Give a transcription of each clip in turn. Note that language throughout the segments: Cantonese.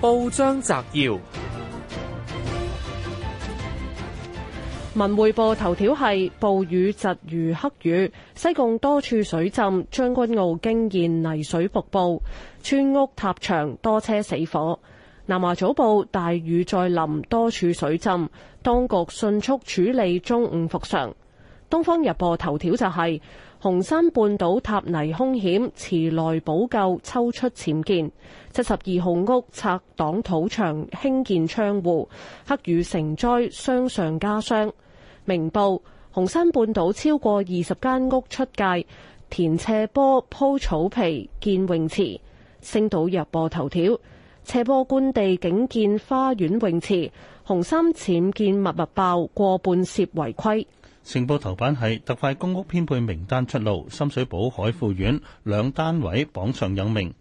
報章摘要：文匯報頭條係暴雨疾如黑雨，西貢多處水浸，將軍澳驚現泥水瀑布，村屋塌牆，多車死火。南華早報：大雨再臨，多處水浸，當局迅速處理，中午復常。東方日報頭條就係、是、紅山半島塌泥凶險，遲來補救抽出僭建七十二號屋拆擋土牆，興建窗戶，黑雨成災，傷上加傷。明報紅山半島超過二十間屋出界，填斜坡鋪草皮建泳池。星島日報頭條斜坡官地竟建花園泳池，紅山僭建密密爆過半涉違規。成報頭版係特快公屋編配名單出爐，深水埗海富苑兩單位榜上有名。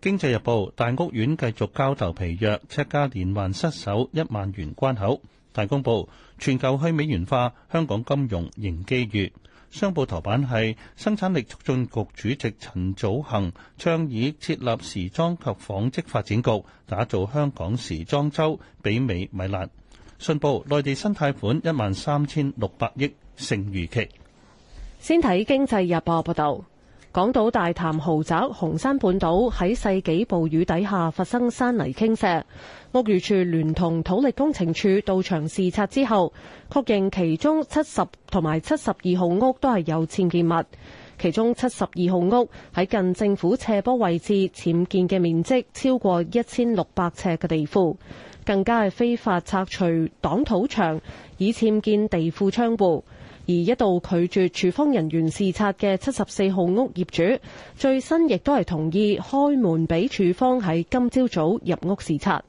經濟日報大屋苑繼續交投疲弱，呎價連環失守一萬元關口。大公報全球去美元化，香港金融迎機遇。商報頭版係生產力促進局主席陳祖恒倡議設立時裝及紡織發展局，打造香港時裝周，媲美米蘭。信報內地新貸款一萬三千六百億。剩餘期先睇經濟日報報道，港島大潭豪宅紅山半島喺世紀暴雨底下發生山泥傾瀉，屋宇處聯同土力工程處到場視察之後，確認其中七十同埋七十二號屋都係有僭建物，其中七十二號屋喺近政府斜坡位置僭建嘅面積超過一千六百尺嘅地庫，更加係非法拆除擋土牆，以僭建地庫窗戶。而一度拒絕處方人員視察嘅七十四號屋業主，最新亦都係同意開門俾處方喺今朝早入屋視察。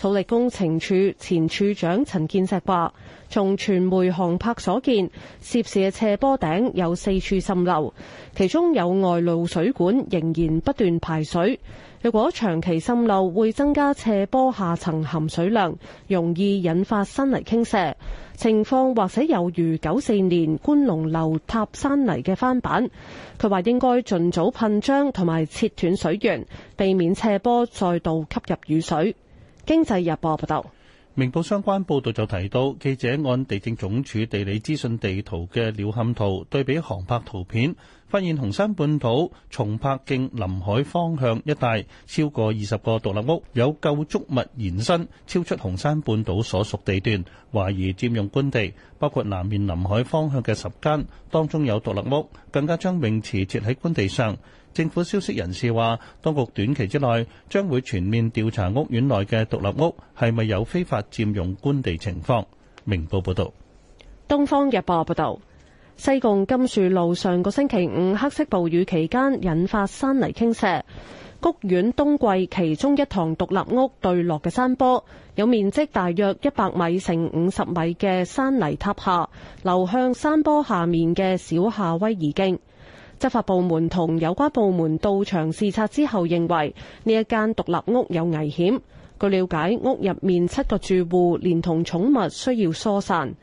土力工程處前處長陳建石話，從傳媒航拍所見，涉事嘅斜坡頂有四處滲漏，其中有外露水管仍然不斷排水。若果長期滲漏，會增加斜坡下層含水量，容易引發山泥傾瀉情況，或者有如九四年觀龍樓塌山泥嘅翻版。佢話應該盡早噴漿同埋切斷水源，避免斜坡再度吸入雨水。經濟日報報道，明報相關報道就提到，記者按地政總署地理資訊地圖嘅鳥瞰圖對比航拍圖片。發現紅山半島松柏徑臨海方向一帶超過二十個獨立屋有構築物延伸超出紅山半島所屬地段，懷疑佔用官地，包括南面臨海方向嘅十間，當中有獨立屋，更加將泳池設喺官地上。政府消息人士話，當局短期之內將會全面調查屋苑內嘅獨立屋係咪有非法佔用官地情況。明報報道。東方日報報道。西貢金樹路上個星期五黑色暴雨期間引發山泥傾瀉，谷苑冬季其中一堂獨立屋對落嘅山坡，有面積大約一百米乘五十米嘅山泥塌下，流向山坡下面嘅小夏威夷徑。執法部門同有關部門到場視察之後認為呢一間獨立屋有危險。據了解，屋入面七個住戶連同寵物需要疏散。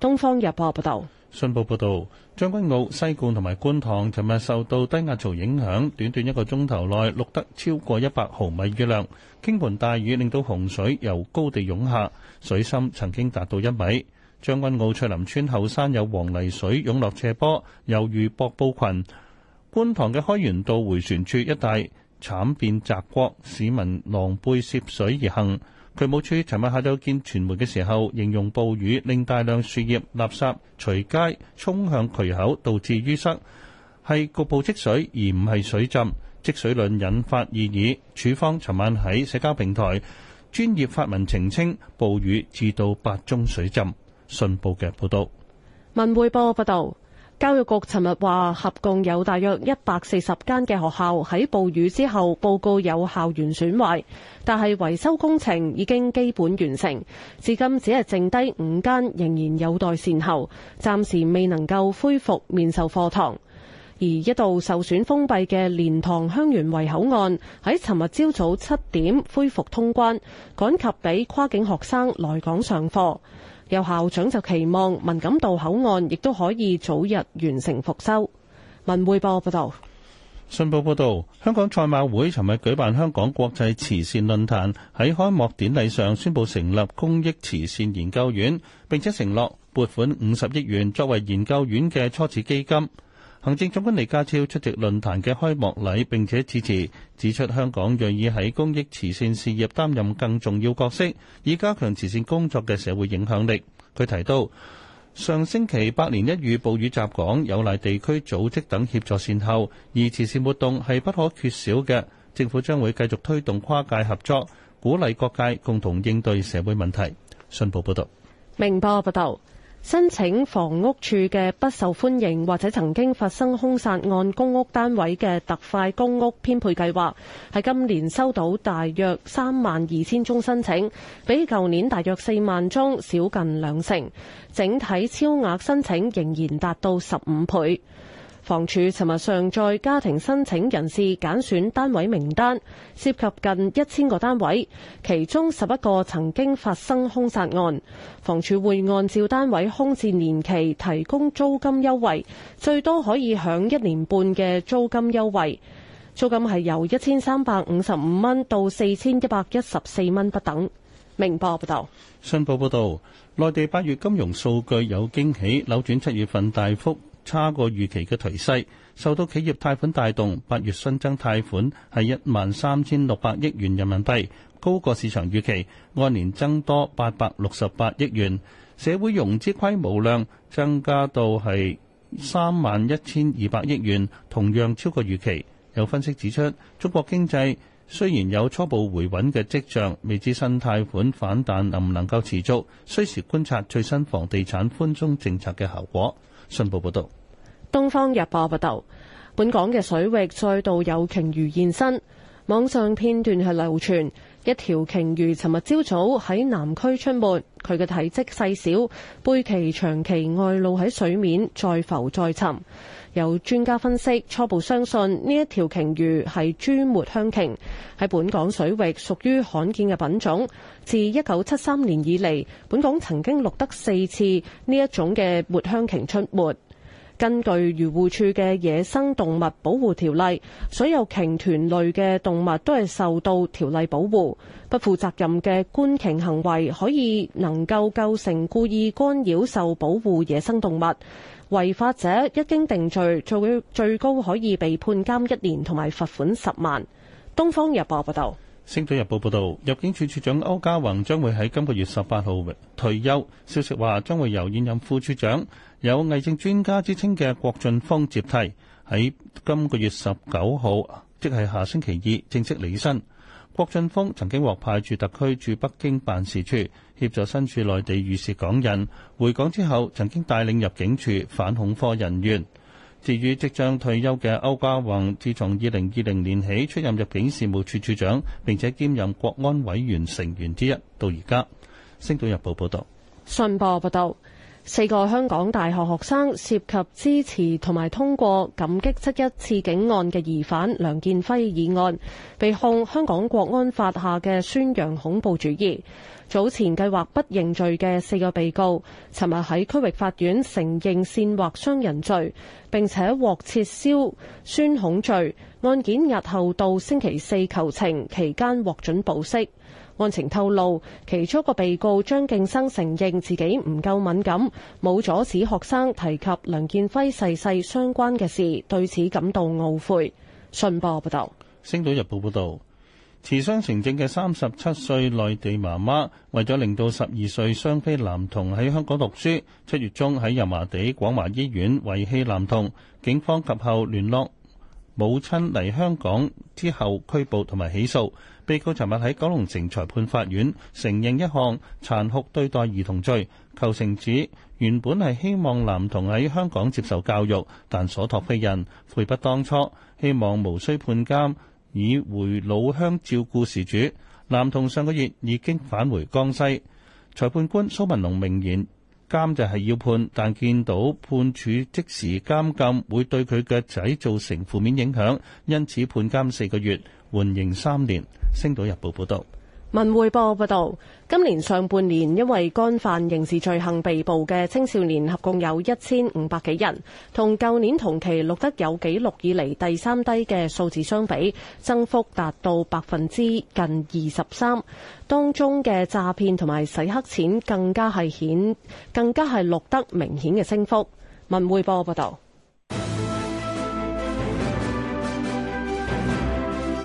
東方日報報道。信報報導，將軍澳西貢同埋觀塘，尋日受到低壓槽影響，短短一個鐘頭內錄得超過一百毫米雨量，傾盆大雨令到洪水由高地湧下，水深曾經達到一米。將軍澳翠林村後山有黃泥水湧落斜坡，猶如瀑布群；觀塘嘅開源道回旋處一帶慘變澤國，市民狼狽涉水而行。渠務處尋日下晝見傳媒嘅時候，形容暴雨令大量樹葉、垃圾隨街沖向渠口，導致淤塞，係局部積水而唔係水浸，積水論引發異議。處方尋晚喺社交平台專業發文澄清，暴雨至到八宗水浸。信報嘅報道，文匯報報道。教育局尋日話，合共有大約一百四十間嘅學校喺暴雨之後報告有校園損壞，但係維修工程已經基本完成，至今只係剩低五間仍然有待善後，暫時未能夠恢復面授課堂。而一度受損封閉嘅蓮塘香園圍口岸喺尋日朝早七點恢復通關，趕及畀跨境學生來港上課。有校長就期望敏感道口岸亦都可以早日完成復修。文匯報報道。「信報報道，香港賽馬會尋日舉辦香港國際慈善論壇，喺開幕典禮上宣布成立公益慈善研究院，並且承諾撥款五十億元作為研究院嘅初始基金。行政總監李家超出席論壇嘅開幕禮，並且致辭，指出香港願意喺公益慈善事業擔任更重要角色，以加強慈善工作嘅社會影響力。佢提到，上星期百年一遇暴雨襲港，有賴地區組織等協助善後，而慈善活動係不可缺少嘅。政府將會繼續推動跨界合作，鼓勵各界共同應對社會問題。信報報道，明報報道。申請房屋處嘅不受歡迎或者曾經發生兇殺案公屋單位嘅特快公屋編配計劃，喺今年收到大約三萬二千宗申請，比舊年大約四萬宗少近兩成。整體超額申請仍然達到十五倍。房署尋日上載家庭申請人士揀選單位名單，涉及近一千個單位，其中十一個曾經發生兇殺案。房署會按照單位空置年期提供租金優惠，最多可以享一年半嘅租金優惠，租金係由一千三百五十五蚊到四千一百一十四蚊不等。明報報道，信報報道，內地八月金融數據有驚喜，扭轉七月份大幅差過預期嘅頹勢，受到企業貸款帶動，八月新增貸款係一萬三千六百億元人民幣，高過市場預期，按年增多八百六十八億元，社會融資規模量增加到係三萬一千二百億元，同樣超過預期。有分析指出，中國經濟雖然有初步回穩嘅跡象，未知新貸款反彈能唔能夠持續，需時觀察最新房地產寬鬆政策嘅效果。信報報道，不，東方日報報道，本港嘅水域再度有鯨魚現身，網上片段係流傳。一條鯨魚尋日朝早喺南區出沒，佢嘅體積細小，背鰭長期外露喺水面，再浮再沉。有專家分析，初步相信呢一條鯨魚係侏抹香鯨，喺本港水域屬於罕見嘅品種。自一九七三年以嚟，本港曾經錄得四次呢一種嘅抹香鯨出沒。根據漁護處嘅野生動物保護條例，所有鯨豚類嘅動物都係受到條例保護。不負責任嘅觀鯨行為可以能夠構成故意干擾受保護野生動物，違法者一經定罪，最最高可以被判監一年同埋罰款十萬。東方日報報道。星島日報報道，入境處處長歐家宏將會喺今個月十八號退休，消息話將會由現任副處長。有癌症專家之稱嘅郭俊峰接替，喺今個月十九號，即係下星期二正式離任。郭俊峰曾經獲派駐特區駐北京辦事處，協助身處內地遇事港人回港之後，曾經帶領入境處反恐課人員。至於即將退休嘅區嘉宏，自從二零二零年起出任入境事務處處長，並且兼任國安委員成員之一，到而家。星島日報報道，信報報道。四個香港大學學生涉及支持同埋通過感激七一刺警案嘅疑犯梁建輝議案，被控香港國安法下嘅宣揚恐怖主義。早前計劃不認罪嘅四個被告，尋日喺區域法院承認煽惑傷人罪，並且獲撤銷宣恐罪。案件日後到星期四求情期間獲准保釋。案情透露，其中一個被告張敬生承認自己唔夠敏感，冇阻止學生提及梁建輝逝世相關嘅事，對此感到懊悔。信報報道。《星島日報》報導。持雙程證嘅三十七歲內地媽媽，為咗令到十二歲雙非男童喺香港讀書，七月中喺油麻地廣華醫院遺棄男童，警方及後聯絡母親嚟香港之後拘捕同埋起訴。被告尋日喺九龍城裁判法院承認一項殘酷對待兒童罪，求情指原本係希望男童喺香港接受教育，但所託非人，悔不當初，希望無需判監。已回老鄉照顧事主，男童上個月已經返回江西。裁判官蘇文龍明言監就係要判，但見到判處即時監禁會對佢腳仔造成負面影響，因此判監四個月，緩刑三年。星島日報報道。文匯報報道，今年上半年因為干犯刑事罪行被捕嘅青少年合共有一千五百幾人，同舊年同期錄得有紀錄以嚟第三低嘅數字相比，增幅達到百分之近二十三。當中嘅詐騙同埋洗黑錢更加係顯，更加係錄得明顯嘅升幅。文匯報報道，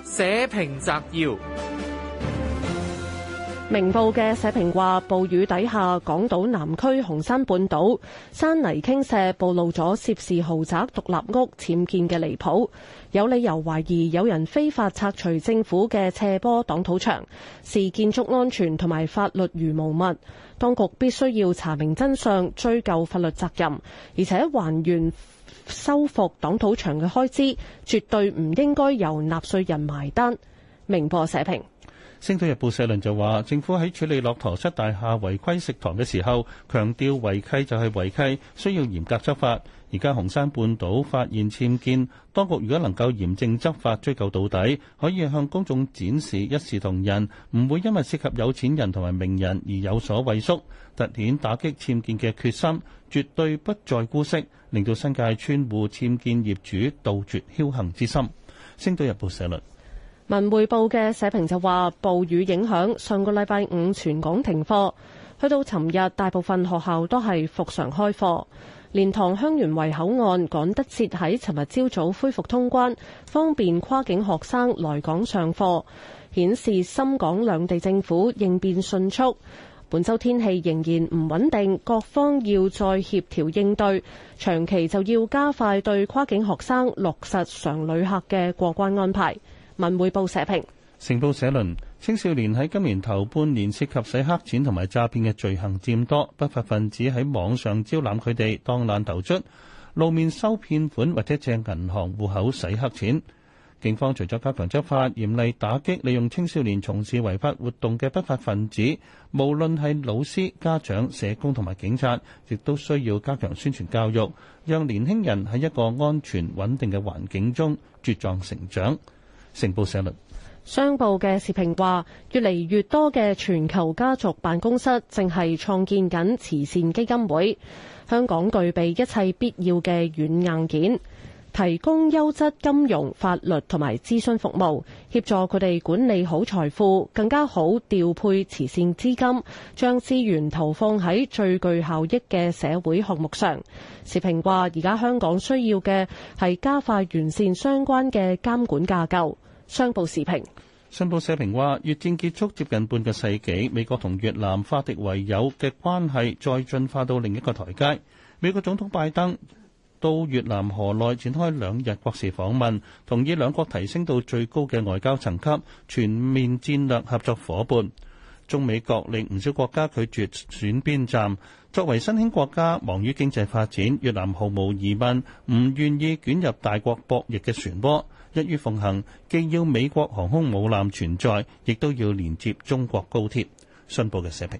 社評摘要。明報嘅社評話：暴雨底下，港島南區紅山半島山泥傾瀉，暴露咗涉事豪宅獨立屋僭建嘅離譜，有理由懷疑有人非法拆除政府嘅斜坡擋土牆，視建築安全同埋法律如無物，當局必須要查明真相，追究法律責任，而且還原修復擋土牆嘅開支，絕對唔應該由納稅人埋單。明報社評。《星島日報》社論就話：政府喺處理駱駝室大廈違規食堂嘅時候，強調違規就係違規，需要嚴格執法。而家紅山半島發現僭建，當局如果能夠嚴正執法、追究到底，可以向公眾展示一視同仁，唔會因為涉及有錢人同埋名人而有所畏縮，突顯打擊僭建嘅決心，絕對不再姑息，令到新界村戶僭建業主杜絕僥倖之心。《星島日報》社論。文匯報嘅社評就話：暴雨影響上個禮拜五全港停課，去到尋日，大部分學校都係復常開課。蓮塘香園圍口岸趕得切喺尋日朝早恢復通關，方便跨境學生來港上課，顯示深港兩地政府應變迅速。本周天氣仍然唔穩定，各方要再協調應對，長期就要加快對跨境學生落實常旅客嘅過關安排。文匯報社評：成報社論，青少年喺今年頭半年涉及洗黑錢同埋詐騙嘅罪行佔多，不法分子喺網上招攬佢哋當爛頭卒，露面收騙款或者借銀行戶口洗黑錢。警方除咗加強執法，嚴厲打擊利用青少年從事違法活動嘅不法分子，無論係老師、家長、社工同埋警察，亦都需要加強宣傳教育，讓年輕人喺一個安全穩定嘅環境中茁壯成長。成報社論，商報嘅視評話，越嚟越多嘅全球家族辦公室正係創建緊慈善基金會。香港具備一切必要嘅軟硬件。提供優質金融、法律同埋諮詢服務，協助佢哋管理好財富，更加好調配慈善資金，將資源投放喺最具效益嘅社會項目上。時評話：而家香港需要嘅係加快完善相關嘅監管架構。商報時評，商報社評話：越戰結束接近半個世紀，美國同越南化敵為友嘅關係再進化到另一個台階。」美國總統拜登，到越南河內展開兩日國事訪問，同意兩國提升到最高嘅外交層級，全面戰略合作夥伴。中美國令唔少國家拒絕選邊站，作為新興國家，忙於經濟發展，越南毫無疑問唔願意捲入大國博弈嘅漩渦，一於奉行既要美國航空母艦存在，亦都要連接中國高鐵，信報嘅社評。